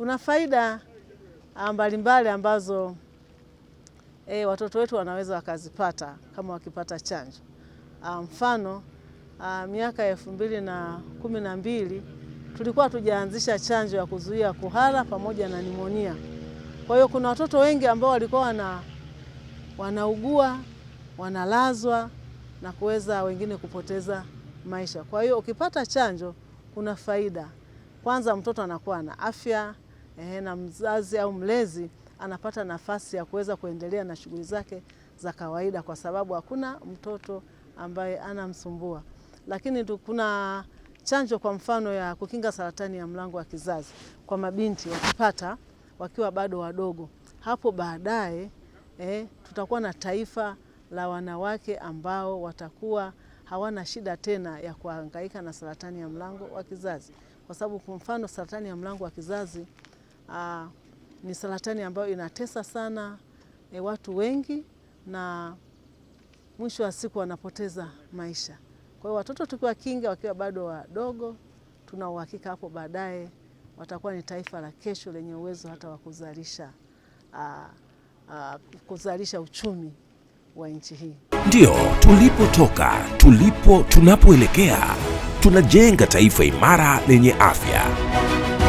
Kuna faida ah, mbalimbali ambazo e, watoto wetu wanaweza wakazipata kama wakipata chanjo. Ah, mfano, ah, miaka elfu mbili na kumi na mbili tulikuwa tujaanzisha chanjo ya kuzuia kuhara pamoja na nimonia. Kwa hiyo kuna watoto wengi ambao walikuwa wana, wanaugua wanalazwa na kuweza wengine kupoteza maisha. Kwa hiyo ukipata chanjo kuna faida. Kwanza mtoto anakuwa na afya eh, na mzazi au mlezi anapata nafasi ya kuweza kuendelea na shughuli zake za kawaida, kwa sababu hakuna mtoto ambaye anamsumbua. Lakini kuna chanjo kwa mfano ya kukinga saratani ya mlango wa kizazi kwa mabinti wakipata wakiwa bado wadogo. Hapo baadaye eh, tutakuwa na taifa la wanawake ambao watakuwa hawana shida tena ya kuhangaika na saratani ya mlango wa kizazi, kwa sababu kwa mfano saratani ya mlango wa kizazi Aa, ah, ni saratani ambayo inatesa sana e, watu wengi na mwisho wa siku wanapoteza maisha. Kwa hiyo watoto tukiwakinga wakiwa bado wadogo, tuna uhakika hapo baadaye watakuwa ni taifa la kesho lenye uwezo hata wa kuzalisha kuzalisha uchumi wa nchi hii. Ndio tulipotoka, tulipo, tunapoelekea, tunajenga taifa imara lenye afya.